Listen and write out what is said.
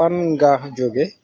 fan nga jóge